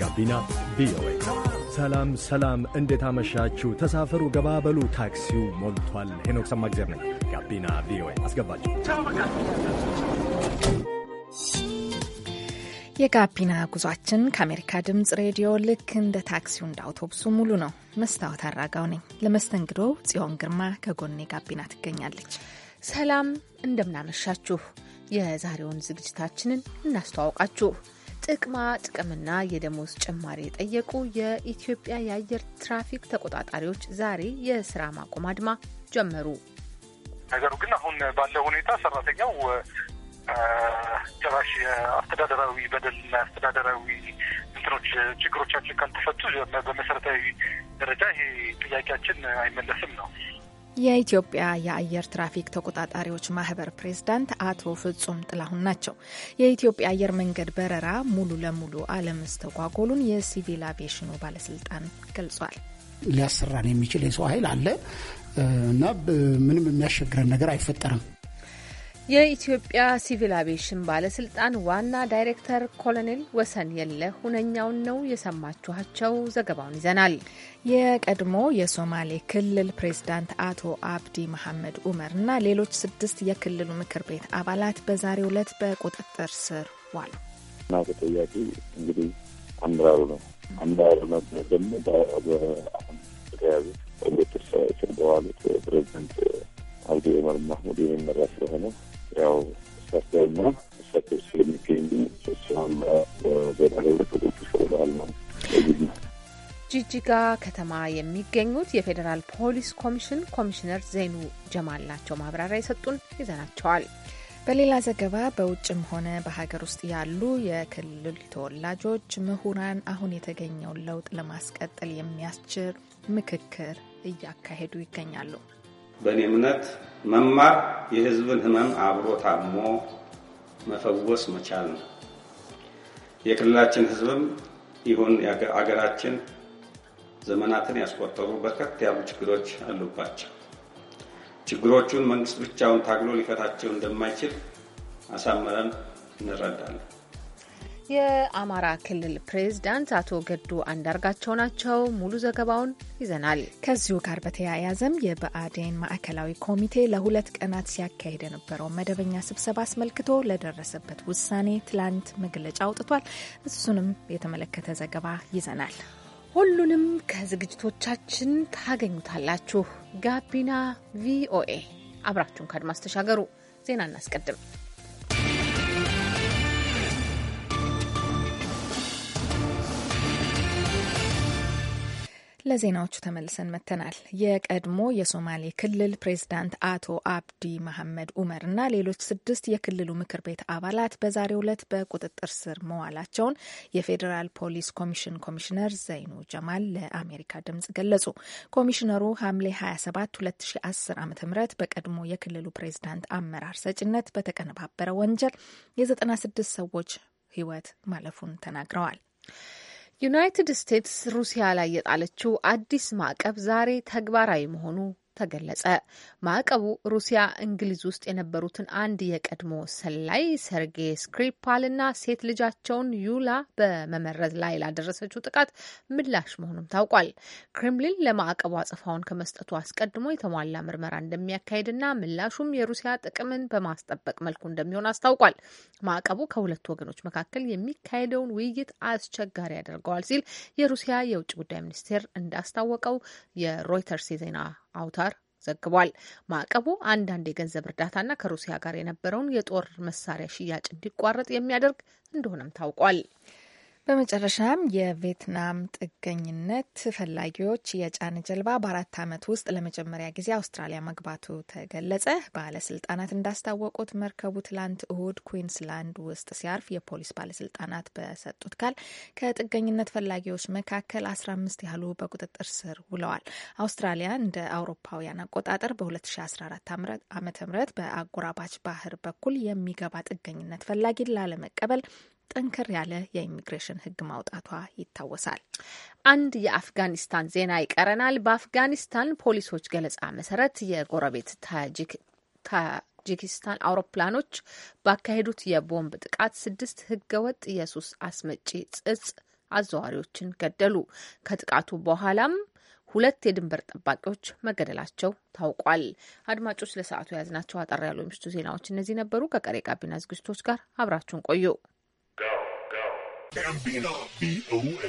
ጋቢና ቪኦኤ። ሰላም ሰላም፣ እንዴት አመሻችሁ? ተሳፈሩ፣ ገባበሉ፣ ታክሲው ሞልቷል። ሄኖክ ሰማግዜር ነኝ። ጋቢና ቪኦኤ አስገባችሁ። የጋቢና ጉዟችን ከአሜሪካ ድምፅ ሬዲዮ ልክ እንደ ታክሲው እንደ አውቶቡሱ ሙሉ ነው። መስታወት አራጋው ነኝ። ለመስተንግዶ ጽዮን ግርማ ከጎኔ ጋቢና ትገኛለች። ሰላም፣ እንደምናመሻችሁ። የዛሬውን ዝግጅታችንን እናስተዋውቃችሁ። ጥቅማ ጥቅምና የደሞዝ ጭማሪ የጠየቁ የኢትዮጵያ የአየር ትራፊክ ተቆጣጣሪዎች ዛሬ የስራ ማቆም አድማ ጀመሩ። ነገሩ ግን አሁን ባለው ሁኔታ ሰራተኛው ጭራሽ የአስተዳደራዊ በደልና አስተዳደራዊ እንትኖች ችግሮቻችን ካልተፈቱ በመሰረታዊ ደረጃ ይሄ ጥያቄያችን አይመለስም ነው። የኢትዮጵያ የአየር ትራፊክ ተቆጣጣሪዎች ማህበር ፕሬዝዳንት አቶ ፍጹም ጥላሁን ናቸው። የኢትዮጵያ አየር መንገድ በረራ ሙሉ ለሙሉ አለመስተጓጎሉን የሲቪል አቪዬሽኑ ባለስልጣን ገልጿል። ሊያሰራን የሚችል የሰው ኃይል አለ እና ምንም የሚያስቸግረን ነገር አይፈጠርም። የኢትዮጵያ ሲቪል አቪዬሽን ባለስልጣን ዋና ዳይሬክተር ኮሎኔል ወሰን የለ ሁነኛውን ነው የሰማችኋቸው። ዘገባውን ይዘናል። የቀድሞ የሶማሌ ክልል ፕሬዝዳንት አቶ አብዲ መሐመድ ኡመር እና ሌሎች ስድስት የክልሉ ምክር ቤት አባላት በዛሬው ዕለት በቁጥጥር ስር ዋሉ። እና ተጠያቂ እንግዲህ አመራሩ ነው። አመራሩ ደግሞ በተያያዙ ስር በዋሉት ፕሬዝዳንት አብዲ ኡመር ማህሙድ የሚመራ ስለሆነ ያው እሳቸውና እሳቸው ስለሚገኙ ጅጅጋ ከተማ የሚገኙት የፌዴራል ፖሊስ ኮሚሽን ኮሚሽነር ዘይኑ ጀማል ናቸው ማብራሪያ የሰጡን ይዘናቸዋል። በሌላ ዘገባ በውጭም ሆነ በሀገር ውስጥ ያሉ የክልል ተወላጆች ምሁራን አሁን የተገኘውን ለውጥ ለማስቀጠል የሚያስችል ምክክር እያካሄዱ ይገኛሉ። በእኔ እምነት መማር የህዝብን ህመም አብሮ ታሞ መፈወስ መቻል ነው። የክልላችን ህዝብም ይሁን አገራችን ዘመናትን ያስቆጠሩ በርከት ያሉ ችግሮች አሉባቸው። ችግሮቹን መንግስት ብቻውን ታግሎ ሊፈታቸው እንደማይችል አሳምረን እንረዳለን። የአማራ ክልል ፕሬዝዳንት አቶ ገዱ አንዳርጋቸው ናቸው። ሙሉ ዘገባውን ይዘናል። ከዚሁ ጋር በተያያዘም የብአዴን ማዕከላዊ ኮሚቴ ለሁለት ቀናት ሲያካሄድ የነበረው መደበኛ ስብሰባ አስመልክቶ ለደረሰበት ውሳኔ ትላንት መግለጫ አውጥቷል። እሱንም የተመለከተ ዘገባ ይዘናል። ሁሉንም ከዝግጅቶቻችን ታገኙታላችሁ። ጋቢና ቪኦኤ አብራችሁን ከአድማስ ተሻገሩ። ዜና እናስቀድም። ለዜናዎቹ ተመልሰን መጥተናል። የቀድሞ የሶማሌ ክልል ፕሬዝዳንት አቶ አብዲ መሐመድ ኡመር እና ሌሎች ስድስት የክልሉ ምክር ቤት አባላት በዛሬው ዕለት በቁጥጥር ስር መዋላቸውን የፌዴራል ፖሊስ ኮሚሽን ኮሚሽነር ዘይኑ ጀማል ለአሜሪካ ድምጽ ገለጹ። ኮሚሽነሩ ሐምሌ 27 2010 ዓ ም በቀድሞ የክልሉ ፕሬዝዳንት አመራር ሰጭነት በተቀነባበረ ወንጀል የ96 ሰዎች ሕይወት ማለፉን ተናግረዋል። ዩናይትድ ስቴትስ ሩሲያ ላይ የጣለችው አዲስ ማዕቀብ ዛሬ ተግባራዊ መሆኑ ተገለጸ። ማዕቀቡ ሩሲያ እንግሊዝ ውስጥ የነበሩትን አንድ የቀድሞ ሰላይ ሰርጌይ ስክሪፓልና ሴት ልጃቸውን ዩላ በመመረዝ ላይ ላደረሰችው ጥቃት ምላሽ መሆኑም ታውቋል። ክሬምሊን ለማዕቀቡ አጽፋውን ከመስጠቱ አስቀድሞ የተሟላ ምርመራ እንደሚያካሂድና ምላሹም የሩሲያ ጥቅምን በማስጠበቅ መልኩ እንደሚሆን አስታውቋል። ማዕቀቡ ከሁለቱ ወገኖች መካከል የሚካሄደውን ውይይት አስቸጋሪ ያደርገዋል ሲል የሩሲያ የውጭ ጉዳይ ሚኒስቴር እንዳስታወቀው የሮይተርስ የዜና አውታር ዘግቧል። ማዕቀቡ አንዳንድ የገንዘብ እርዳታና ከሩሲያ ጋር የነበረውን የጦር መሳሪያ ሽያጭ እንዲቋረጥ የሚያደርግ እንደሆነም ታውቋል። በመጨረሻም የቪየትናም ጥገኝነት ፈላጊዎች የጫነ ጀልባ በአራት ዓመት ውስጥ ለመጀመሪያ ጊዜ አውስትራሊያ መግባቱ ተገለጸ። ባለስልጣናት እንዳስታወቁት መርከቡ ትላንት እሁድ ኩዊንስላንድ ውስጥ ሲያርፍ የፖሊስ ባለስልጣናት በሰጡት ቃል ከጥገኝነት ፈላጊዎች መካከል አስራ አምስት ያህሉ በቁጥጥር ስር ውለዋል። አውስትራሊያ እንደ አውሮፓውያን አቆጣጠር በ2014 ዓ ም በአጎራባች ባህር በኩል የሚገባ ጥገኝነት ፈላጊ ላለመቀበል ጠንከር ያለ የኢሚግሬሽን ሕግ ማውጣቷ ይታወሳል። አንድ የአፍጋኒስታን ዜና ይቀረናል። በአፍጋኒስታን ፖሊሶች ገለጻ መሰረት የጎረቤት ታጂክ ታጂኪስታን አውሮፕላኖች ባካሄዱት የቦምብ ጥቃት ስድስት ህገወጥ የሱስ አስመጪ ጽጽ አዘዋሪዎችን ገደሉ። ከጥቃቱ በኋላም ሁለት የድንበር ጠባቂዎች መገደላቸው ታውቋል። አድማጮች፣ ለሰዓቱ የያዝናቸው አጠር ያሉ የምሽቱ ዜናዎች እነዚህ ነበሩ። ከቀሪ ጋቢና ዝግጅቶች ጋር አብራችሁን ቆዩ። ጋቢና ቪኦኤ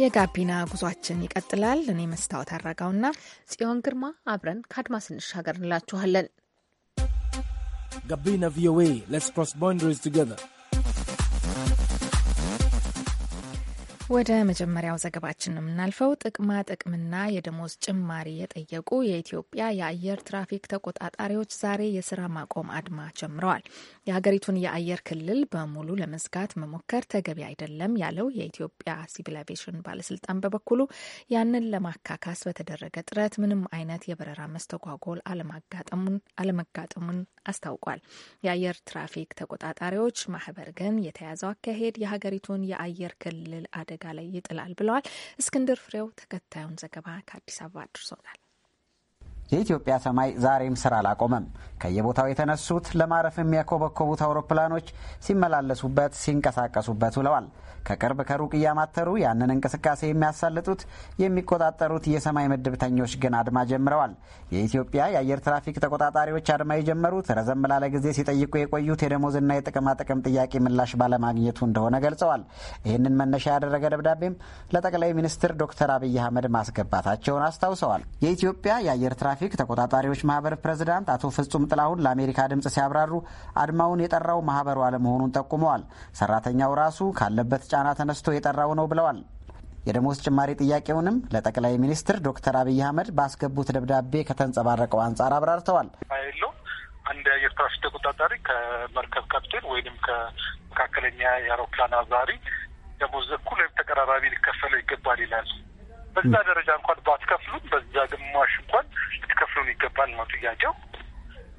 የጋቢና ጉዟችን ይቀጥላል። እኔ መስታወት አረጋውና ጽዮን ግርማ አብረን ከአድማስ እንሻገር እንላችኋለን። ጋቢና ቪኦኤ ሌትስ ክሮስ ባውንደሪስ ቱጌዘር ወደ መጀመሪያው ዘገባችን የምናልፈው ጥቅማ ጥቅምና የደሞዝ ጭማሪ የጠየቁ የኢትዮጵያ የአየር ትራፊክ ተቆጣጣሪዎች ዛሬ የስራ ማቆም አድማ ጀምረዋል። የሀገሪቱን የአየር ክልል በሙሉ ለመዝጋት መሞከር ተገቢ አይደለም ያለው የኢትዮጵያ ሲቪል አቪዬሽን ባለስልጣን በበኩሉ ያንን ለማካካስ በተደረገ ጥረት ምንም አይነት የበረራ መስተጓጎል አለመጋጠሙን አስታውቋል። የአየር ትራፊክ ተቆጣጣሪዎች ማህበር ግን የተያዘው አካሄድ የሀገሪቱን የአየር ክልል አደ አደጋ ላይ ይጥላል ብለዋል። እስክንድር ፍሬው ተከታዩን ዘገባ ከአዲስ አበባ አድርሶናል። የኢትዮጵያ ሰማይ ዛሬም ስራ አላቆመም። ከየቦታው የተነሱት ለማረፍ የሚያኮበኮቡት አውሮፕላኖች ሲመላለሱበት፣ ሲንቀሳቀሱበት ውለዋል። ከቅርብ ከሩቅ እያማተሩ ያንን እንቅስቃሴ የሚያሳልጡት የሚቆጣጠሩት የሰማይ ምድብተኞች ግን አድማ ጀምረዋል። የኢትዮጵያ የአየር ትራፊክ ተቆጣጣሪዎች አድማ የጀመሩት ረዘም ላለ ጊዜ ሲጠይቁ የቆዩት የደሞዝና የጥቅማጥቅም ጥያቄ ምላሽ ባለማግኘቱ እንደሆነ ገልጸዋል። ይህንን መነሻ ያደረገ ደብዳቤም ለጠቅላይ ሚኒስትር ዶክተር አብይ አህመድ ማስገባታቸውን አስታውሰዋል። የኢትዮጵያ የአየር ትራፊክ ትራፊክ ተቆጣጣሪዎች ማህበር ፕሬዝዳንት አቶ ፍጹም ጥላሁን ለአሜሪካ ድምፅ ሲያብራሩ አድማውን የጠራው ማህበሩ አለመሆኑን ጠቁመዋል። ሰራተኛው ራሱ ካለበት ጫና ተነስቶ የጠራው ነው ብለዋል። የደሞዝ ጭማሪ ጥያቄውንም ለጠቅላይ ሚኒስትር ዶክተር አብይ አህመድ ባስገቡት ደብዳቤ ከተንጸባረቀው አንጻር አብራርተዋል። አንድ የአየር ትራፊክ ተቆጣጣሪ ከመርከብ ካፕቴን ወይም ከመካከለኛ የአውሮፕላን አብራሪ ደሞዝ እኩል ወይም ተቀራራቢ ሊከፈለው ይገባል ይላል። በዛ ደረጃ እንኳን ባትከፍሉም በዛ ግማሽ እንኳን ልትከፍሉን ይገባል ነው ጥያቄው።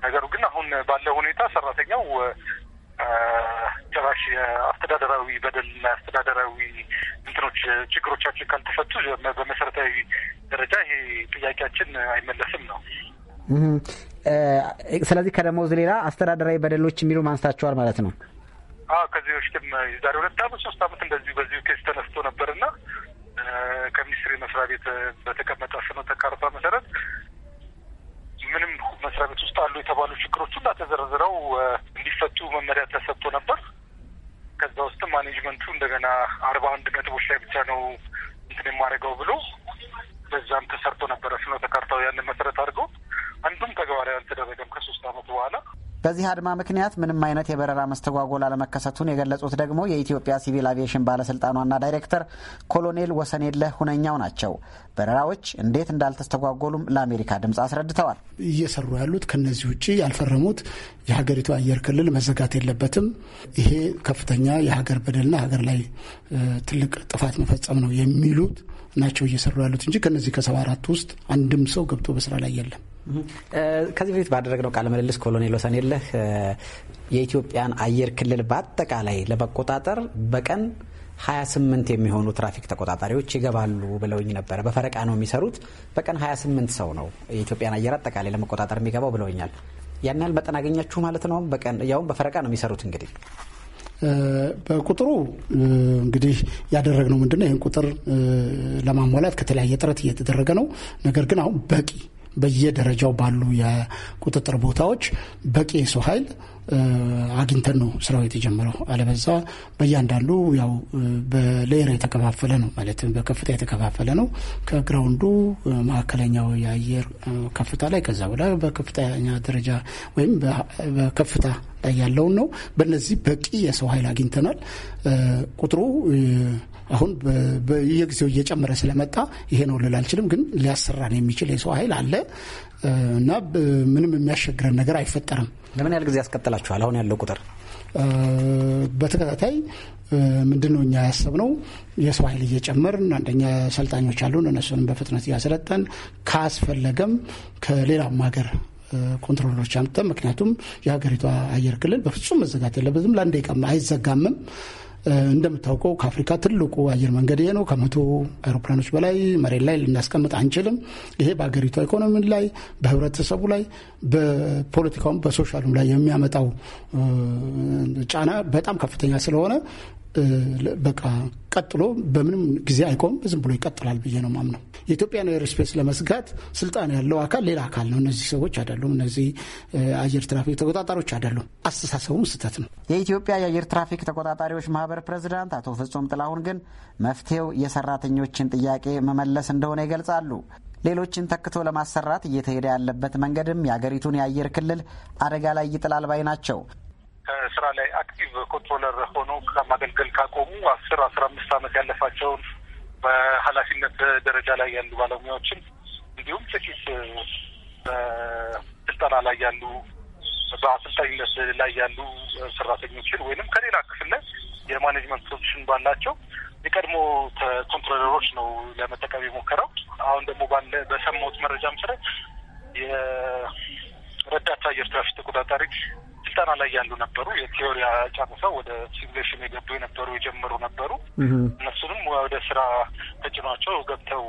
ነገሩ ግን አሁን ባለው ሁኔታ ሰራተኛው ጭራሽ አስተዳደራዊ በደልና አስተዳደራዊ እንትኖች ችግሮቻችን ካልተፈቱ በመሰረታዊ ደረጃ ይሄ ጥያቄያችን አይመለስም ነው። ስለዚህ ከደሞዝ ሌላ አስተዳደራዊ በደሎች የሚሉ ማንስታችኋል ማለት ነው። ከዚህ በፊትም የዛሬ ሁለት አመት ሶስት አመት እንደዚሁ በዚሁ ኬስ ተነስቶ ነበርና ከሚኒስትሪ መስሪያ ቤት በተቀመጠ ፍኖተ ካርታ መሰረት ምንም መስሪያ ቤት ውስጥ አሉ የተባሉ ችግሮች ሁላ ተዘርዝረው እንዲፈቱ መመሪያ ተሰጥቶ ነበር። ከዛ ውስጥ ማኔጅመንቱ እንደገና አርባ አንድ ነጥቦች ላይ ብቻ ነው እንትን የማደርገው ብሎ በዛም ተሰርቶ ነበረ። ፍኖተ ካርታው ያንን መሰረት አድርገው አንዱም ተግባራዊ አልተደረገም ከሶስት አመት በኋላ በዚህ አድማ ምክንያት ምንም አይነት የበረራ መስተጓጎል አለመከሰቱን የገለጹት ደግሞ የኢትዮጵያ ሲቪል አቪዬሽን ባለስልጣን ዋና ዳይሬክተር ኮሎኔል ወሰንየለህ ሁነኛው ናቸው። በረራዎች እንዴት እንዳልተስተጓጎሉም ለአሜሪካ ድምፅ አስረድተዋል። እየሰሩ ያሉት ከነዚህ ውጭ ያልፈረሙት የሀገሪቱ አየር ክልል መዘጋት የለበትም፣ ይሄ ከፍተኛ የሀገር በደልና ሀገር ላይ ትልቅ ጥፋት መፈጸም ነው የሚሉት ናቸው እየሰሩ ያሉት እንጂ ከነዚህ ከሰባ አራት ውስጥ አንድም ሰው ገብቶ በስራ ላይ የለም። ከዚህ በፊት ባደረግነው ቃለ ምልልስ ኮሎኔል ወሰንየለህ የኢትዮጵያን አየር ክልል በአጠቃላይ ለመቆጣጠር በቀን 28 የሚሆኑ ትራፊክ ተቆጣጣሪዎች ይገባሉ ብለውኝ ነበረ። በፈረቃ ነው የሚሰሩት። በቀን 28 ሰው ነው የኢትዮጵያን አየር አጠቃላይ ለመቆጣጠር የሚገባው ብለውኛል። ያን ያህል መጠን አገኛችሁ ማለት ነው። በቀን ያውም በፈረቃ ነው የሚሰሩት እንግዲህ በቁጥሩ እንግዲህ ያደረግነው ምንድነው? ይህን ቁጥር ለማሟላት ከተለያየ ጥረት እየተደረገ ነው። ነገር ግን አሁን በቂ በየደረጃው ባሉ የቁጥጥር ቦታዎች በቂ የሰው ኃይል አግኝተን ነው ስራው የተጀመረው። አለበዛ በእያንዳንዱ ያው በሌየር የተከፋፈለ ነው ማለትም በከፍታ የተከፋፈለ ነው። ከግራውንዱ መካከለኛው የአየር ከፍታ ላይ ከዛ በላይ በከፍተኛ ደረጃ ወይም በከፍታ ላይ ያለውን ነው። በእነዚህ በቂ የሰው ኃይል አግኝተናል። ቁጥሩ አሁን በየጊዜው እየጨመረ ስለመጣ ይሄ ነው ልል አልችልም፣ ግን ሊያሰራን የሚችል የሰው ኃይል አለ እና ምንም የሚያስቸግረን ነገር አይፈጠርም። ለምን ያህል ጊዜ ያስቀጥላችኋል? አሁን ያለው ቁጥር በተከታታይ ምንድን ነው እኛ ያሰብነው የሰው ኃይል እየጨመርን አንደኛ ሰልጣኞች አሉን፣ እነሱንም በፍጥነት እያሰለጠን ካስፈለገም ከሌላም ሀገር ኮንትሮሎች አምጥተን ምክንያቱም የሀገሪቷ አየር ክልል በፍጹም መዘጋት የለበትም። ለአንድ ቀም አይዘጋምም። እንደምታውቀው ከአፍሪካ ትልቁ አየር መንገድ ይሄ ነው። ከመቶ አውሮፕላኖች በላይ መሬት ላይ ልናስቀምጥ አንችልም። ይሄ በሀገሪቷ ኢኮኖሚ ላይ፣ በህብረተሰቡ ላይ፣ በፖለቲካውም በሶሻሉም ላይ የሚያመጣው ጫና በጣም ከፍተኛ ስለሆነ በቃ ቀጥሎ በምንም ጊዜ አይቆም፣ ዝም ብሎ ይቀጥላል ብዬ ነው ማምነው። የኢትዮጵያን ኤርስፔስ ለመዝጋት ስልጣን ያለው አካል ሌላ አካል ነው። እነዚህ ሰዎች አይደሉም። እነዚህ አየር ትራፊክ ተቆጣጣሪዎች አይደሉም። አስተሳሰቡም ስህተት ነው። የኢትዮጵያ የአየር ትራፊክ ተቆጣጣሪዎች ማህበር ፕሬዚዳንት አቶ ፍጹም ጥላሁን ግን መፍትሄው የሰራተኞችን ጥያቄ መመለስ እንደሆነ ይገልጻሉ። ሌሎችን ተክቶ ለማሰራት እየተሄደ ያለበት መንገድም የአገሪቱን የአየር ክልል አደጋ ላይ ይጥላል ባይ ናቸው። ከስራ ላይ አክቲቭ ኮንትሮለር ሆኖ ከማገልገል ካቆሙ አስር አስራ አምስት ዓመት ያለፋቸውን በኃላፊነት ደረጃ ላይ ያሉ ባለሙያዎችን እንዲሁም ጥቂት ስልጠና ላይ ያሉ በአሰልጣኝነት ላይ ያሉ ሰራተኞችን ወይንም ከሌላ ክፍል ላይ የማኔጅመንት ፖዚሽን ባላቸው የቀድሞ ኮንትሮለሮች ነው ለመጠቀም የሞከረው። አሁን ደግሞ ባለ በሰማሁት መረጃ መሰረት የረዳት አየር ትራፊክ ተቆጣጣሪ ስልጠና ላይ ያሉ ነበሩ። የቲዮሪ ጨርሰው ወደ ሲሙሌሽን የገቡ የነበሩ የጀመሩ ነበሩ። እነሱንም ወደ ስራ ተጭኗቸው ገብተው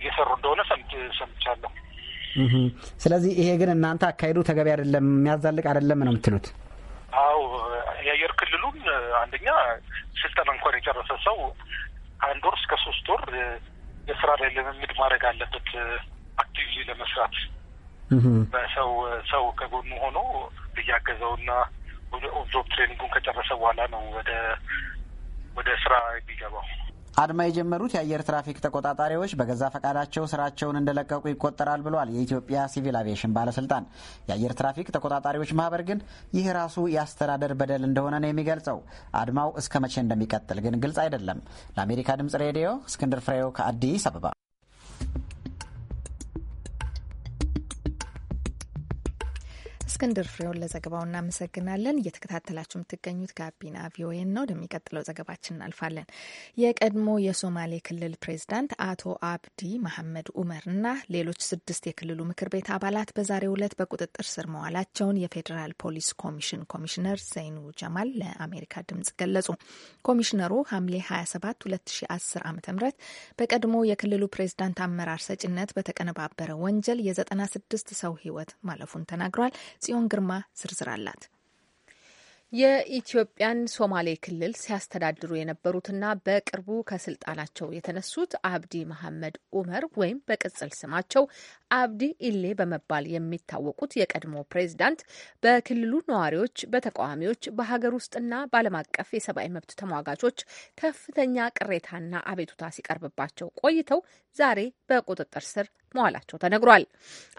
እየሰሩ እንደሆነ ሰምቻለሁ። ስለዚህ ይሄ ግን እናንተ አካሄዱ ተገቢ አይደለም፣ የሚያዛልቅ አይደለም ነው የምትሉት? አዎ የአየር ክልሉን አንደኛ ስልጠና እንኳን የጨረሰ ሰው አንድ ወር እስከ ሶስት ወር የስራ ላይ ልምምድ ማድረግ አለበት አክቲቪ ለመስራት በሰው ሰው ከጎኑ ሆኖ እያገዘውና ወደ ኦብዞብ ትሬኒንጉን ከጨረሰ በኋላ ነው ወደ ወደ ስራ የሚገባው። አድማ የጀመሩት የአየር ትራፊክ ተቆጣጣሪዎች በገዛ ፈቃዳቸው ስራቸውን እንደለቀቁ ይቆጠራል ብሏል የኢትዮጵያ ሲቪል አቪዬሽን ባለስልጣን። የአየር ትራፊክ ተቆጣጣሪዎች ማህበር ግን ይህ ራሱ የአስተዳደር በደል እንደሆነ ነው የሚገልጸው። አድማው እስከ መቼ እንደሚቀጥል ግን ግልጽ አይደለም። ለአሜሪካ ድምጽ ሬዲዮ እስክንድር ፍሬው ከአዲስ አበባ እስክንድር ፍሬውን ለዘገባው እናመሰግናለን። እየተከታተላችሁ የምትገኙት ጋቢና ቪኦኤን ነው። ወደሚቀጥለው ዘገባችን እናልፋለን። የቀድሞ የሶማሌ ክልል ፕሬዚዳንት አቶ አብዲ መሐመድ ኡመር እና ሌሎች ስድስት የክልሉ ምክር ቤት አባላት በዛሬው ዕለት በቁጥጥር ስር መዋላቸውን የፌዴራል ፖሊስ ኮሚሽን ኮሚሽነር ዘይኑ ጀማል ለአሜሪካ ድምጽ ገለጹ። ኮሚሽነሩ ሐምሌ 27 2010 ዓ ም በቀድሞ የክልሉ ፕሬዚዳንት አመራር ሰጭነት በተቀነባበረ ወንጀል የ96 ሰው ህይወት ማለፉን ተናግሯል። ጽዮን ግርማ ዝርዝር አላት። የኢትዮጵያን ሶማሌ ክልል ሲያስተዳድሩ የነበሩትና በቅርቡ ከስልጣናቸው የተነሱት አብዲ መሐመድ ኡመር ወይም በቅጽል ስማቸው አብዲ ኢሌ በመባል የሚታወቁት የቀድሞ ፕሬዝዳንት በክልሉ ነዋሪዎች፣ በተቃዋሚዎች፣ በሀገር ውስጥና በዓለም አቀፍ የሰብአዊ መብት ተሟጋቾች ከፍተኛ ቅሬታና አቤቱታ ሲቀርብባቸው ቆይተው ዛሬ በቁጥጥር ስር መዋላቸው ተነግሯል።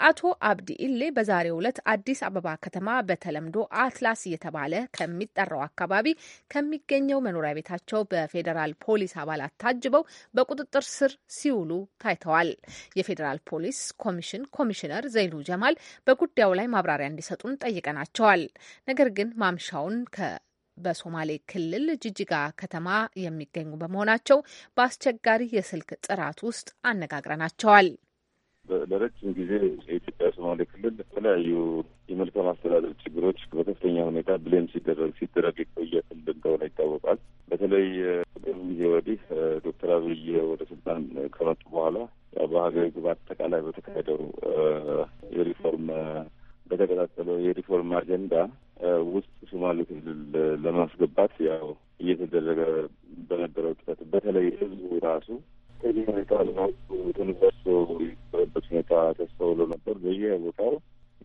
አቶ አብዲ ኢሌ በዛሬው ዕለት አዲስ አበባ ከተማ በተለምዶ አትላስ እየተባለ ከሚጠራው አካባቢ ከሚገኘው መኖሪያ ቤታቸው በፌዴራል ፖሊስ አባላት ታጅበው በቁጥጥር ስር ሲውሉ ታይተዋል። የፌዴራል ፖሊስ ኮሚሽን ኮሚሽነር ዘይኑ ጀማል በጉዳዩ ላይ ማብራሪያ እንዲሰጡን ጠይቀናቸዋል። ነገር ግን ማምሻውን ከ በሶማሌ ክልል ጅጅጋ ከተማ የሚገኙ በመሆናቸው በአስቸጋሪ የስልክ ጥራት ውስጥ አነጋግረናቸዋል። ለረጅም ጊዜ የኢትዮጵያ ሶማሌ ክልል የተለያዩ የመልካም አስተዳደር ችግሮች በከፍተኛ ሁኔታ ብሌም ሲደረግ ሲደረግ የቆየ ክልል እንደሆነ ይታወቃል። በተለይ ቅድም ጊዜ ወዲህ ዶክተር አብይ ወደ ስልጣን ከመጡ በኋላ በሀገሪቱ በአጠቃላይ በተካሄደው የሪፎርም በተቀጣጠለው የሪፎርም አጀንዳ ውስጥ ሶማሌ ክልል ለማስገባት ያው እየተደረገ በነበረው ጥረት በተለይ ህዝቡ ራሱ ቅድመ ሁኔታ ሁኔታ ተስተውሎ ነበር። በየ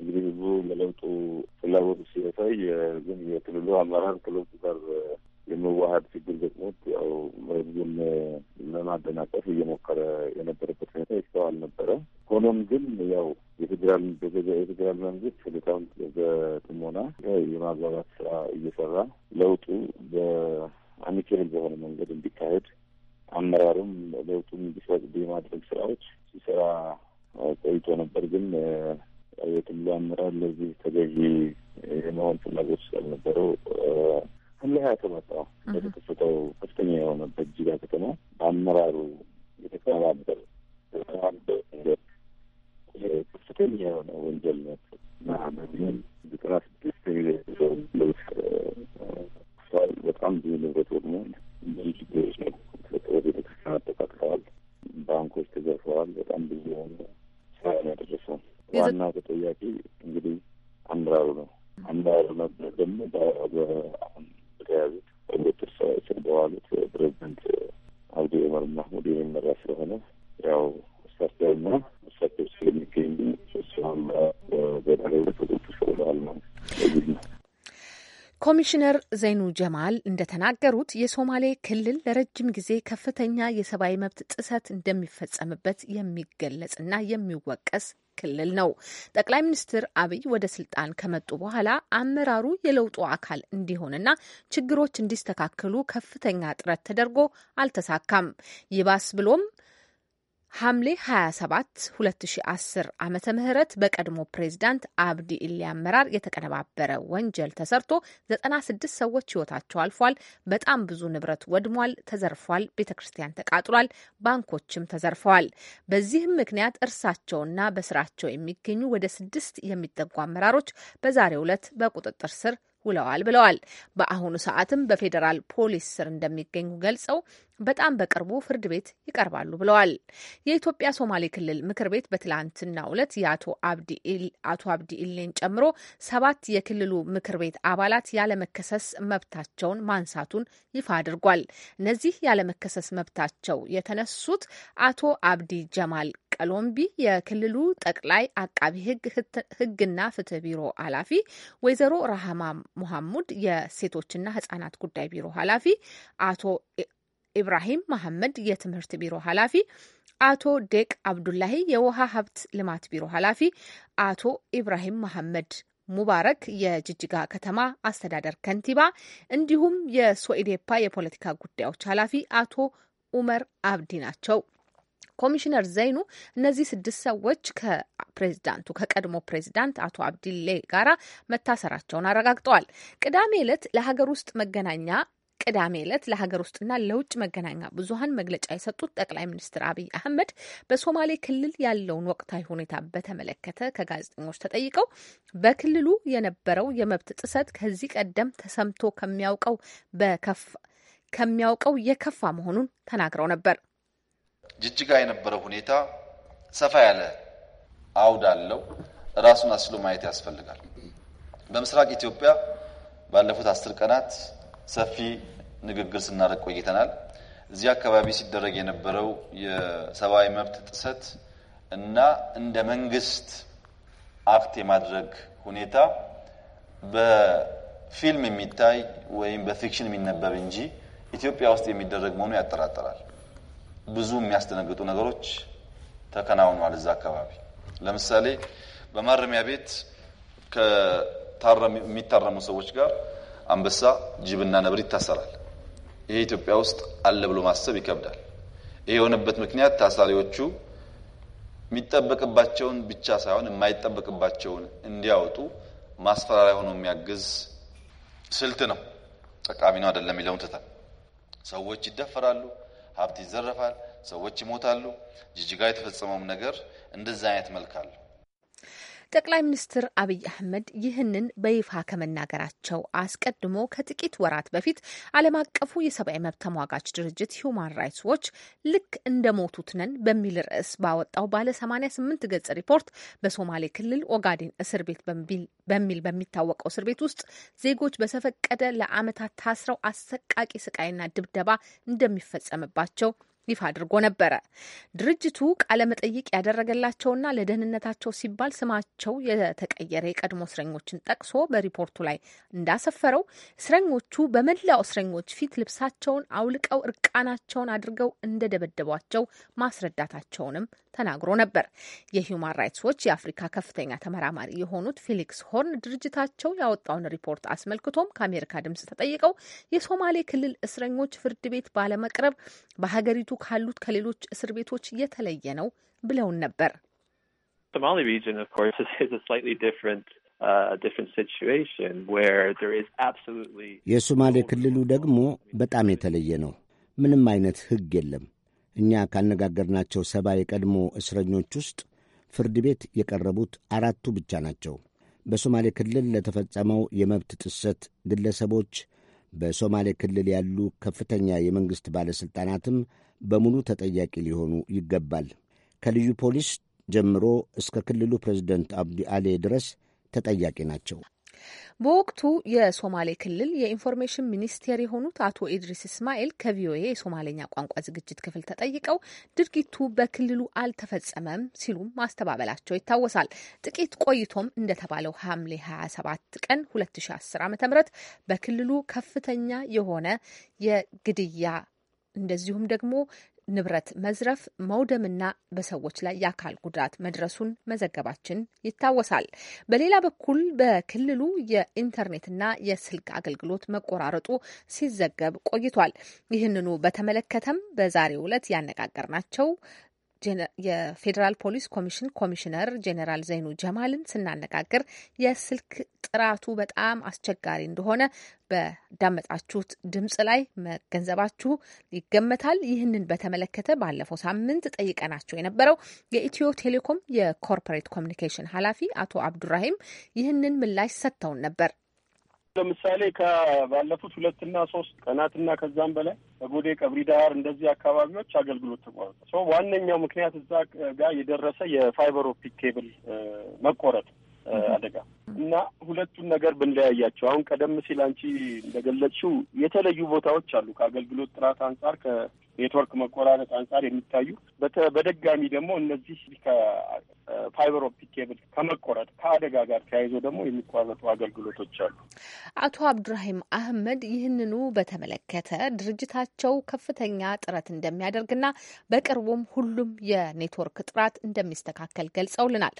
እንግዲህ ህዝቡ ለለውጡ ፍላጎት ሲያሳይ፣ ግን የክልሉ አመራር ከለውጡ ጋር የመዋሀድ ችግር ገጥሞት ያው ህዝቡን ለማደናቀፍ እየሞከረ የነበረበት ሁኔታ ይስተዋል ነበረ። ሆኖም ግን ያው የፌዴራል የፌዴራል መንግስት ሁኔታውን በጥሞና የማግባባት ስራ እየሰራ ለውጡ በአሚኬል በሆነ መንገድ እንዲካሄድ አመራሩም ለውጡን እንዲፈቅድ የማድረግ ስራዎች ሲሰራ ቆይቶ ነበር። ግን የክልሉ አመራር ለዚህ ተገዢ የመሆን ፍላጎት ስላልነበረው ሁሌ ሀያ ሰባት ነው የተከሰተው ከፍተኛ የሆነ በጅጋ ከተማ በአመራሩ የተቀባበር ከፍተኛ የሆነ ወንጀል ነው እና በዚህም ዘጠና ስድስት ሚሊዮን ለውስ በጣም ብዙ ንብረት ወድሞ ብዙ ችግሮች ነው ቤተክርስቲያን ተቃጥለዋል፣ ባንኮች ተዘርፈዋል። በጣም ብዙ የሆነ ስራ ያደረሰው ዋናው ተጠያቂ እንግዲህ አመራሩ ነው። አመራሩ ነበር ደግሞ ኮሚሽነር ዘይኑ ጀማል እንደተናገሩት የሶማሌ ክልል ለረጅም ጊዜ ከፍተኛ የሰብአዊ መብት ጥሰት እንደሚፈጸምበት የሚገለጽና የሚወቀስ ክልል ነው። ጠቅላይ ሚኒስትር አብይ ወደ ስልጣን ከመጡ በኋላ አመራሩ የለውጡ አካል እንዲሆንና ችግሮች እንዲስተካከሉ ከፍተኛ ጥረት ተደርጎ አልተሳካም። ይባስ ብሎም ሐምሌ 27 2010 ዓመተ ምህረት በቀድሞ ፕሬዚዳንት አብዲ ኢሌ አመራር የተቀነባበረ ወንጀል ተሰርቶ 96 ሰዎች ህይወታቸው አልፏል። በጣም ብዙ ንብረት ወድሟል፣ ተዘርፏል፣ ቤተ ክርስቲያን ተቃጥሏል፣ ባንኮችም ተዘርፈዋል። በዚህም ምክንያት እርሳቸውና በስራቸው የሚገኙ ወደ ስድስት የሚጠጉ አመራሮች በዛሬው ዕለት በቁጥጥር ስር ውለዋል ብለዋል። በአሁኑ ሰዓትም በፌዴራል ፖሊስ ስር እንደሚገኙ ገልጸው በጣም በቅርቡ ፍርድ ቤት ይቀርባሉ ብለዋል። የኢትዮጵያ ሶማሌ ክልል ምክር ቤት በትላንትናው ዕለት የአቶ አብዲ ኢሌን ጨምሮ ሰባት የክልሉ ምክር ቤት አባላት ያለመከሰስ መብታቸውን ማንሳቱን ይፋ አድርጓል። እነዚህ ያለመከሰስ መብታቸው የተነሱት አቶ አብዲ ጀማል ቀሎምቢ የክልሉ ጠቅላይ አቃቢ ሕግ ሕግና ፍትህ ቢሮ ኃላፊ፣ ወይዘሮ ረሃማ ሙሐሙድ የሴቶችና ሕጻናት ጉዳይ ቢሮ ኃላፊ፣ አቶ ኢብራሂም መሐመድ የትምህርት ቢሮ ኃላፊ፣ አቶ ዴቅ አብዱላሂ የውሃ ሀብት ልማት ቢሮ ኃላፊ፣ አቶ ኢብራሂም መሐመድ ሙባረክ የጅጅጋ ከተማ አስተዳደር ከንቲባ እንዲሁም የሶኢዴፓ የፖለቲካ ጉዳዮች ኃላፊ አቶ ኡመር አብዲ ናቸው። ኮሚሽነር ዘይኑ እነዚህ ስድስት ሰዎች ከፕሬዚዳንቱ ከቀድሞ ፕሬዚዳንት አቶ አብዲሌ ጋራ መታሰራቸውን አረጋግጠዋል። ቅዳሜ ዕለት ለሀገር ውስጥ መገናኛ ቅዳሜ ዕለት ለሀገር ውስጥና ለውጭ መገናኛ ብዙኃን መግለጫ የሰጡት ጠቅላይ ሚኒስትር አብይ አህመድ በሶማሌ ክልል ያለውን ወቅታዊ ሁኔታ በተመለከተ ከጋዜጠኞች ተጠይቀው በክልሉ የነበረው የመብት ጥሰት ከዚህ ቀደም ተሰምቶ ከሚያውቀው በከፋ ከሚያውቀው የከፋ መሆኑን ተናግረው ነበር። ጅጅጋ የነበረው ሁኔታ ሰፋ ያለ አውድ አለው። ራሱን አስሎ ማየት ያስፈልጋል። በምስራቅ ኢትዮጵያ ባለፉት አስር ቀናት ሰፊ ንግግር ስናደርግ ቆይተናል። እዚህ አካባቢ ሲደረግ የነበረው የሰብአዊ መብት ጥሰት እና እንደ መንግስት አክት የማድረግ ሁኔታ በፊልም የሚታይ ወይም በፊክሽን የሚነበብ እንጂ ኢትዮጵያ ውስጥ የሚደረግ መሆኑ ያጠራጠራል። ብዙ የሚያስደነግጡ ነገሮች ተከናውኗል። እዛ አካባቢ ለምሳሌ በማረሚያ ቤት የሚታረሙ ሰዎች ጋር አንበሳ፣ ጅብና ነብር ይታሰራል። ይሄ ኢትዮጵያ ውስጥ አለ ብሎ ማሰብ ይከብዳል። ይሄ የሆነበት ምክንያት ታሳሪዎቹ የሚጠበቅባቸውን ብቻ ሳይሆን የማይጠበቅባቸውን እንዲያወጡ ማስፈራሪያ ሆኖ የሚያግዝ ስልት ነው። ጠቃሚ ነው አይደለም የሚለውን ትተን ሰዎች ይደፈራሉ፣ ሀብት ይዘረፋል፣ ሰዎች ይሞታሉ። ጅጅጋ የተፈጸመውም ነገር እንደዚህ አይነት መልክ አለው። ጠቅላይ ሚኒስትር አብይ አህመድ ይህንን በይፋ ከመናገራቸው አስቀድሞ ከጥቂት ወራት በፊት ዓለም አቀፉ የሰብአዊ መብት ተሟጋች ድርጅት ሂውማን ራይትስ ዎች ልክ እንደ ሞቱት ነን በሚል ርዕስ ባወጣው ባለ 88 ገጽ ሪፖርት በሶማሌ ክልል ኦጋዴን እስር ቤት በሚል በሚታወቀው እስር ቤት ውስጥ ዜጎች በተፈቀደ ለዓመታት ታስረው አሰቃቂ ስቃይና ድብደባ እንደሚፈጸምባቸው ይፋ አድርጎ ነበረ። ድርጅቱ ቃለመጠይቅ ያደረገላቸውና ለደህንነታቸው ሲባል ስማቸው የተቀየረ የቀድሞ እስረኞችን ጠቅሶ በሪፖርቱ ላይ እንዳሰፈረው እስረኞቹ በመላው እስረኞች ፊት ልብሳቸውን አውልቀው እርቃናቸውን አድርገው እንደደበደቧቸው ማስረዳታቸውንም ተናግሮ ነበር። የሂውማን ራይትስ ዎች የአፍሪካ ከፍተኛ ተመራማሪ የሆኑት ፊሊክስ ሆርን ድርጅታቸው ያወጣውን ሪፖርት አስመልክቶም ከአሜሪካ ድምጽ ተጠይቀው የሶማሌ ክልል እስረኞች ፍርድ ቤት ባለመቅረብ በሀገሪቱ ሀገሪቱ ካሉት ከሌሎች እስር ቤቶች የተለየ ነው ብለውን ነበር። uh, የሶማሌ ክልሉ ደግሞ በጣም የተለየ ነው። ምንም አይነት ሕግ የለም። እኛ ካነጋገርናቸው ሰባ የቀድሞ እስረኞች ውስጥ ፍርድ ቤት የቀረቡት አራቱ ብቻ ናቸው። በሶማሌ ክልል ለተፈጸመው የመብት ጥሰት ግለሰቦች፣ በሶማሌ ክልል ያሉ ከፍተኛ የመንግሥት ባለሥልጣናትም በሙሉ ተጠያቂ ሊሆኑ ይገባል። ከልዩ ፖሊስ ጀምሮ እስከ ክልሉ ፕሬዚደንት አብዲ አሌ ድረስ ተጠያቂ ናቸው። በወቅቱ የሶማሌ ክልል የኢንፎርሜሽን ሚኒስቴር የሆኑት አቶ ኢድሪስ እስማኤል ከቪኦኤ የሶማሌኛ ቋንቋ ዝግጅት ክፍል ተጠይቀው ድርጊቱ በክልሉ አልተፈጸመም ሲሉም ማስተባበላቸው ይታወሳል። ጥቂት ቆይቶም እንደተባለው ሐምሌ 27 ቀን 2010 ዓ.ም በክልሉ ከፍተኛ የሆነ የግድያ እንደዚሁም ደግሞ ንብረት መዝረፍ፣ መውደምና በሰዎች ላይ የአካል ጉዳት መድረሱን መዘገባችን ይታወሳል። በሌላ በኩል በክልሉ የኢንተርኔትና የስልክ አገልግሎት መቆራረጡ ሲዘገብ ቆይቷል። ይህንኑ በተመለከተም በዛሬው ዕለት ያነጋገርናቸው የፌዴራል ፖሊስ ኮሚሽን ኮሚሽነር ጄኔራል ዘይኑ ጀማልን ስናነጋግር የስልክ ጥራቱ በጣም አስቸጋሪ እንደሆነ በዳመጣችሁት ድምጽ ላይ መገንዘባችሁ ይገመታል። ይህንን በተመለከተ ባለፈው ሳምንት ጠይቀናቸው የነበረው የኢትዮ ቴሌኮም የኮርፖሬት ኮሚኒኬሽን ኃላፊ አቶ አብዱራሂም ይህንን ምላሽ ሰጥተውን ነበር። ለምሳሌ ከባለፉት ሁለትና ሶስት ቀናትና ከዛም በላይ በጎዴ ቀብሪ ዳር እንደዚህ አካባቢዎች አገልግሎት ተቋረጠ። ዋነኛው ምክንያት እዛ ጋር የደረሰ የፋይበር ኦፕቲክ ኬብል መቆረጥ አደጋ እና ሁለቱን ነገር ብንለያያቸው፣ አሁን ቀደም ሲል አንቺ እንደገለጽሽው የተለዩ ቦታዎች አሉ ከአገልግሎት ጥራት አንጻር ኔትወርክ መቆራረጥ አንጻር የሚታዩ በደጋሚ ደግሞ እነዚህ ከፋይበር ኦፕቲክ ኬብል ከመቆረጥ ከአደጋ ጋር ተያይዞ ደግሞ የሚቋረጡ አገልግሎቶች አሉ። አቶ አብዱራሂም አህመድ ይህንኑ በተመለከተ ድርጅታቸው ከፍተኛ ጥረት እንደሚያደርግና በቅርቡም ሁሉም የኔትወርክ ጥራት እንደሚስተካከል ገልጸውልናል።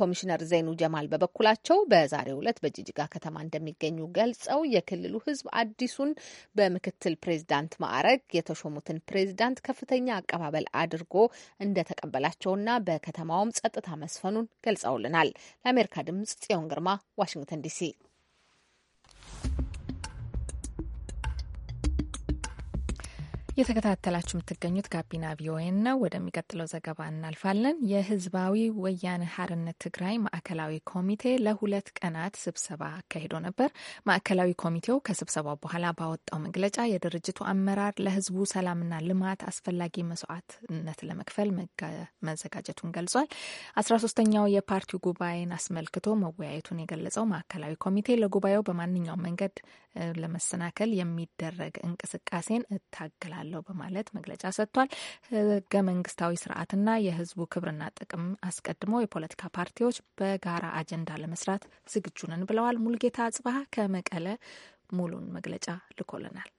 ኮሚሽነር ዘይኑ ጀማል በበኩላቸው በዛሬው ዕለት በጅጅጋ ከተማ እንደሚገኙ ገልጸው የክልሉ ሕዝብ አዲሱን በምክትል ፕሬዚዳንት ማዕረግ የተሾሙትን የህወሓትን ፕሬዚዳንት ከፍተኛ አቀባበል አድርጎ እንደተቀበላቸውና በከተማውም ጸጥታ መስፈኑን ገልጸውልናል። ለአሜሪካ ድምጽ ጽዮን ግርማ ዋሽንግተን ዲሲ እየተከታተላችሁ የምትገኙት ጋቢና ቪኦኤን ነው። ወደሚቀጥለው ዘገባ እናልፋለን። የህዝባዊ ወያነ ሀርነት ትግራይ ማዕከላዊ ኮሚቴ ለሁለት ቀናት ስብሰባ አካሂዶ ነበር። ማዕከላዊ ኮሚቴው ከስብሰባው በኋላ ባወጣው መግለጫ የድርጅቱ አመራር ለህዝቡ ሰላምና ልማት አስፈላጊ መስዋዕትነት ለመክፈል መዘጋጀቱን ገልጿል። አስራ ሶስተኛው የፓርቲው ጉባኤን አስመልክቶ መወያየቱን የገለጸው ማዕከላዊ ኮሚቴ ለጉባኤው በማንኛውም መንገድ ለመሰናከል የሚደረግ እንቅስቃሴን እታገላለሁ በማለት መግለጫ ሰጥቷል። ህገ መንግስታዊ ስርዓትና የህዝቡ ክብርና ጥቅም አስቀድሞ የፖለቲካ ፓርቲዎች በጋራ አጀንዳ ለመስራት ዝግጁ ነን ብለዋል። ሙልጌታ አጽባሀ ከመቀለ ሙሉን መግለጫ ልኮልናል።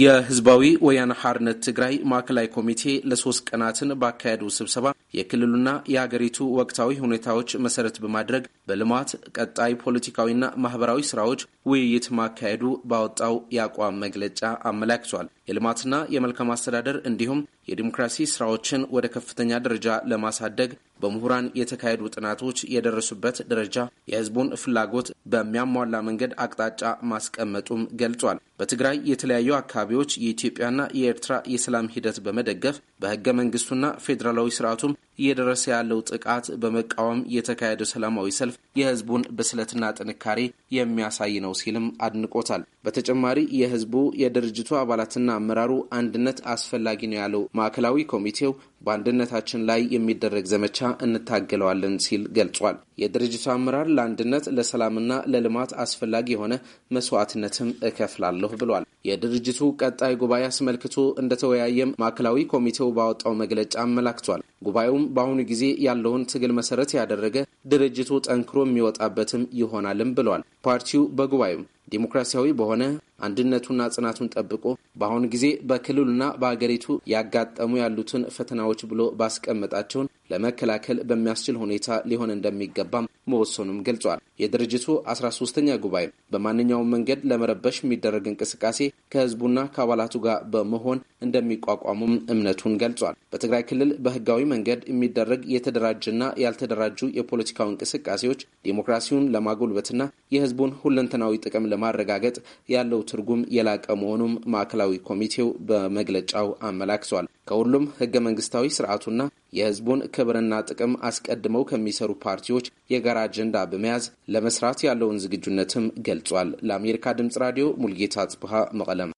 የህዝባዊ ወያነ ሐርነት ትግራይ ማዕከላዊ ኮሚቴ ለሶስት ቀናትን ባካሄደው ስብሰባ የክልሉና የሀገሪቱ ወቅታዊ ሁኔታዎች መሰረት በማድረግ በልማት ቀጣይ ፖለቲካዊና ማህበራዊ ስራዎች ውይይት ማካሄዱ ባወጣው የአቋም መግለጫ አመላክቷል። የልማትና የመልካም አስተዳደር እንዲሁም የዲሞክራሲ ስራዎችን ወደ ከፍተኛ ደረጃ ለማሳደግ በምሁራን የተካሄዱ ጥናቶች የደረሱበት ደረጃ የህዝቡን ፍላጎት በሚያሟላ መንገድ አቅጣጫ ማስቀመጡም ገልጿል። በትግራይ የተለያዩ አካባቢዎች የኢትዮጵያና የኤርትራ የሰላም ሂደት በመደገፍ በህገ መንግስቱና ፌዴራላዊ ስርዓቱም እየደረሰ ያለው ጥቃት በመቃወም የተካሄደ ሰላማዊ ሰልፍ የህዝቡን ብስለትና ጥንካሬ የሚያሳይ ነው ሲልም አድንቆታል። በተጨማሪ የህዝቡ የድርጅቱ አባላትና አመራሩ አንድነት አስፈላጊ ነው ያለው ማዕከላዊ ኮሚቴው በአንድነታችን ላይ የሚደረግ ዘመቻ እንታገለዋለን ሲል ገልጿል። የድርጅቱ አመራር ለአንድነት ለሰላምና ለልማት አስፈላጊ የሆነ መስዋዕትነትም እከፍላለሁ ብሏል። የድርጅቱ ቀጣይ ጉባኤ አስመልክቶ እንደተወያየም ማዕከላዊ ኮሚቴው ባወጣው መግለጫ አመላክቷል። ጉባኤውም በአሁኑ ጊዜ ያለውን ትግል መሰረት ያደረገ ድርጅቱ ጠንክሮ የሚወጣበትም ይሆናልም ብሏል። ፓርቲው በጉባኤው ዴሞክራሲያዊ በሆነ አንድነቱና ጽናቱን ጠብቆ በአሁኑ ጊዜ በክልሉና በአገሪቱ ያጋጠሙ ያሉትን ፈተናዎች ብሎ ባስቀመጣቸውን ለመከላከል በሚያስችል ሁኔታ ሊሆን እንደሚገባም መወሰኑም ገልጿል። የድርጅቱ አስራ ሶስተኛ ጉባኤ በማንኛውም መንገድ ለመረበሽ የሚደረግ እንቅስቃሴ ከህዝቡና ከአባላቱ ጋር በመሆን እንደሚቋቋሙም እምነቱን ገልጿል። በትግራይ ክልል በህጋዊ መንገድ የሚደረግ የተደራጅና ያልተደራጁ የፖለቲካው እንቅስቃሴዎች ዴሞክራሲውን ለማጎልበትና የህዝ የህዝቡን ሁለንተናዊ ጥቅም ለማረጋገጥ ያለው ትርጉም የላቀ መሆኑም ማዕከላዊ ኮሚቴው በመግለጫው አመላክቷል። ከሁሉም ህገ መንግስታዊ ስርዓቱና የህዝቡን ክብርና ጥቅም አስቀድመው ከሚሰሩ ፓርቲዎች የጋራ አጀንዳ በመያዝ ለመስራት ያለውን ዝግጁነትም ገልጿል። ለአሜሪካ ድምጽ ራዲዮ ሙልጌታ ጽብሃ መቀለም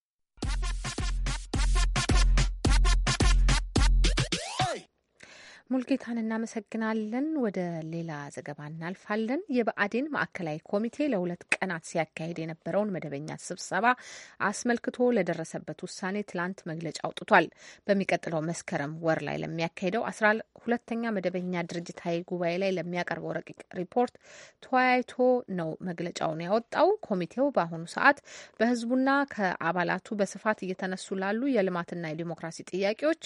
ሙልጌታን እናመሰግናለን። ወደ ሌላ ዘገባ እናልፋለን። የብአዴን ማዕከላዊ ኮሚቴ ለሁለት ቀናት ሲያካሄድ የነበረውን መደበኛ ስብሰባ አስመልክቶ ለደረሰበት ውሳኔ ትላንት መግለጫ አውጥቷል። በሚቀጥለው መስከረም ወር ላይ ለሚያካሄደው አስራ ሁለተኛ መደበኛ ድርጅታዊ ጉባኤ ላይ ለሚያቀርበው ረቂቅ ሪፖርት ተወያይቶ ነው መግለጫውን ያወጣው። ኮሚቴው በአሁኑ ሰዓት በህዝቡና ከአባላቱ በስፋት እየተነሱ ላሉ የልማትና የዲሞክራሲ ጥያቄዎች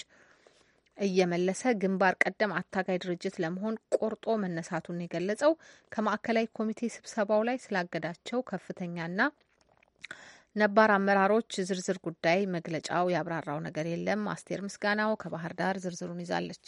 እየመለሰ ግንባር ቀደም አታጋይ ድርጅት ለመሆን ቆርጦ መነሳቱን የገለጸው ከማዕከላዊ ኮሚቴ ስብሰባው ላይ ስላገዳቸው ከፍተኛና ነባር አመራሮች ዝርዝር ጉዳይ መግለጫው ያብራራው ነገር የለም። አስቴር ምስጋናው ከባህር ዳር ዝርዝሩን ይዛለች።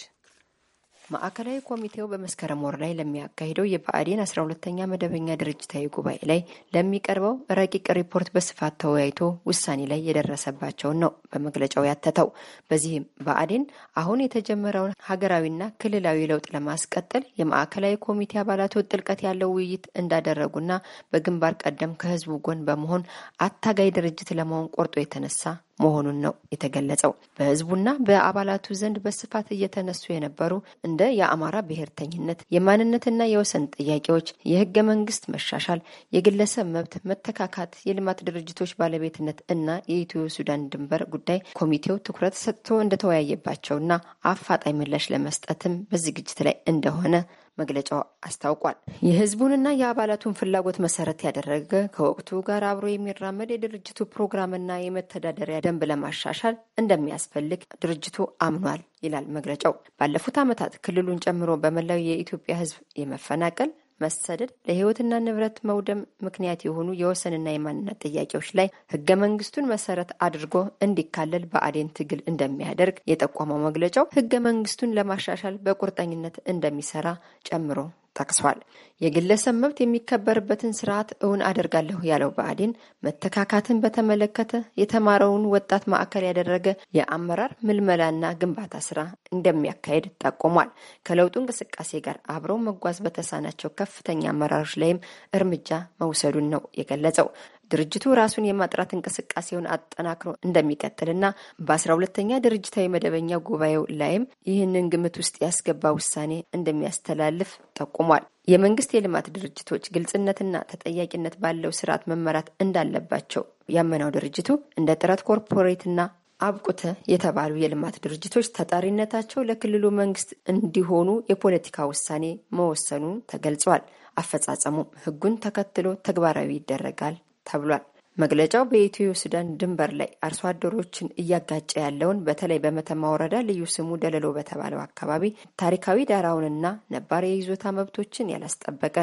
ማዕከላዊ ኮሚቴው በመስከረም ወር ላይ ለሚያካሂደው የብአዴን አስራ ሁለተኛ መደበኛ ድርጅታዊ ጉባኤ ላይ ለሚቀርበው ረቂቅ ሪፖርት በስፋት ተወያይቶ ውሳኔ ላይ የደረሰባቸውን ነው በመግለጫው ያተተው። በዚህም ብአዴን አሁን የተጀመረውን ሀገራዊና ክልላዊ ለውጥ ለማስቀጠል የማዕከላዊ ኮሚቴ አባላቱ ጥልቀት ያለው ውይይት እንዳደረጉና በግንባር ቀደም ከህዝቡ ጎን በመሆን አታጋይ ድርጅት ለመሆን ቆርጦ የተነሳ መሆኑን ነው የተገለጸው። በህዝቡና በአባላቱ ዘንድ በስፋት እየተነሱ የነበሩ እንደ የአማራ ብሔርተኝነት፣ የማንነትና የወሰን ጥያቄዎች፣ የህገ መንግስት መሻሻል፣ የግለሰብ መብት መተካካት፣ የልማት ድርጅቶች ባለቤትነት እና የኢትዮ ሱዳን ድንበር ጉዳይ ኮሚቴው ትኩረት ሰጥቶ እንደተወያየባቸውና አፋጣኝ ምላሽ ለመስጠትም በዝግጅት ላይ እንደሆነ መግለጫው አስታውቋል። የህዝቡንና የአባላቱን ፍላጎት መሰረት ያደረገ ከወቅቱ ጋር አብሮ የሚራመድ የድርጅቱ ፕሮግራምና የመተዳደሪያ ደንብ ለማሻሻል እንደሚያስፈልግ ድርጅቱ አምኗል ይላል መግለጫው። ባለፉት ዓመታት ክልሉን ጨምሮ በመላው የኢትዮጵያ ህዝብ የመፈናቀል መሰደድ፣ ለህይወትና ንብረት መውደም ምክንያት የሆኑ የወሰንና የማንነት ጥያቄዎች ላይ ህገ መንግስቱን መሰረት አድርጎ እንዲካለል በአዴን ትግል እንደሚያደርግ የጠቆመው መግለጫው ህገ መንግስቱን ለማሻሻል በቁርጠኝነት እንደሚሰራ ጨምሮ ጠቅሷል። የግለሰብ መብት የሚከበርበትን ስርዓት እውን አደርጋለሁ ያለው ብአዴን መተካካትን በተመለከተ የተማረውን ወጣት ማዕከል ያደረገ የአመራር ምልመላና ግንባታ ስራ እንደሚያካሄድ ጠቁሟል። ከለውጡ እንቅስቃሴ ጋር አብረው መጓዝ በተሳናቸው ከፍተኛ አመራሮች ላይም እርምጃ መውሰዱን ነው የገለጸው። ድርጅቱ ራሱን የማጥራት እንቅስቃሴውን አጠናክሮ እንደሚቀጥልና በአስራ ሁለተኛ ድርጅታዊ መደበኛ ጉባኤው ላይም ይህንን ግምት ውስጥ ያስገባ ውሳኔ እንደሚያስተላልፍ ጠቁሟል። የመንግስት የልማት ድርጅቶች ግልጽነትና ተጠያቂነት ባለው ስርዓት መመራት እንዳለባቸው ያመነው ድርጅቱ እንደ ጥረት ኮርፖሬትና አብቁተ የተባሉ የልማት ድርጅቶች ተጠሪነታቸው ለክልሉ መንግስት እንዲሆኑ የፖለቲካ ውሳኔ መወሰኑ ተገልጿል። አፈጻጸሙም ህጉን ተከትሎ ተግባራዊ ይደረጋል 它不乱。መግለጫው በኢትዮ ሱዳን ድንበር ላይ አርሶ አደሮችን እያጋጨ ያለውን በተለይ በመተማ ወረዳ ልዩ ስሙ ደለሎ በተባለው አካባቢ ታሪካዊ ዳራውንና ነባር የይዞታ መብቶችን ያላስጠበቀ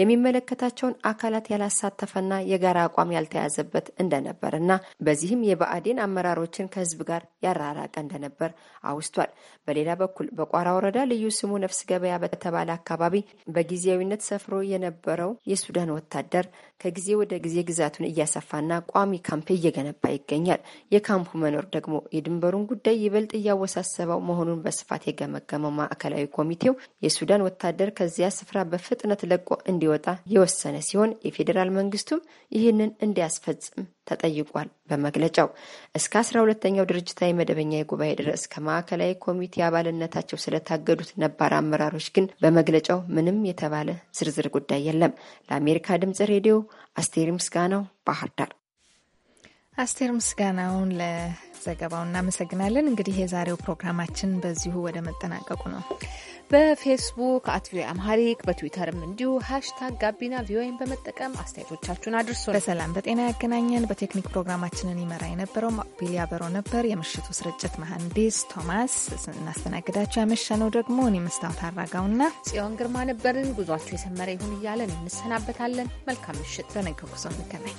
የሚመለከታቸውን አካላት ያላሳተፈና የጋራ አቋም ያልተያዘበት እንደነበርና በዚህም የብአዴን አመራሮችን ከህዝብ ጋር ያራራቀ እንደነበር አውስቷል። በሌላ በኩል በቋራ ወረዳ ልዩ ስሙ ነፍስ ገበያ በተባለ አካባቢ በጊዜያዊነት ሰፍሮ የነበረው የሱዳን ወታደር ከጊዜ ወደ ጊዜ ግዛቱን እያሰፋ የተስፋና ቋሚ ካምፕ እየገነባ ይገኛል። የካምፑ መኖር ደግሞ የድንበሩን ጉዳይ ይበልጥ እያወሳሰበው መሆኑን በስፋት የገመገመው ማዕከላዊ ኮሚቴው የሱዳን ወታደር ከዚያ ስፍራ በፍጥነት ለቆ እንዲወጣ የወሰነ ሲሆን የፌዴራል መንግስቱም ይህንን እንዲያስፈጽም ተጠይቋል። በመግለጫው እስከ አስራ ሁለተኛው ድርጅታዊ መደበኛ የጉባኤ ድረስ ከማዕከላዊ ኮሚቴ አባልነታቸው ስለታገዱት ነባር አመራሮች ግን በመግለጫው ምንም የተባለ ዝርዝር ጉዳይ የለም። ለአሜሪካ ድምጽ ሬዲዮ አስቴር ምስጋናው ባህር ዳር። አስቴር ምስጋናውን ዘገባው እናመሰግናለን። እንግዲህ የዛሬው ፕሮግራማችን በዚሁ ወደ መጠናቀቁ ነው። በፌስቡክ አት ቪኦኤ አምሃሪክ በትዊተርም እንዲሁ ሀሽታግ ጋቢና ቪኦኤን በመጠቀም አስተያየቶቻችሁን አድርሶ በሰላም በጤና ያገናኘን። በቴክኒክ ፕሮግራማችንን ይመራ የነበረው ቢሊ ያበረው ነበር። የምሽቱ ስርጭት መሐንዲስ ቶማስ እናስተናግዳችሁ። ያመሸነው ደግሞ እኔ መስታወት ና ጽዮን ግርማ ነበርን። ጉዟችሁ የሰመረ ይሁን እያለን እንሰናበታለን። መልካም ምሽት። በነገው ጉዞ እንገናኝ።